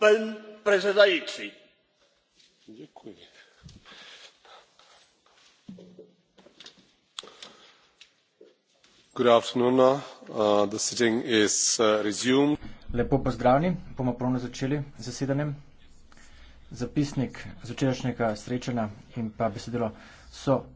pen predsedajíčí. Uh, uh, uh, Lepo pozdravljeni, bomo pravno začeli z zasedanjem. Zapisnik z včerajšnjega srečanja in pa besedilo so.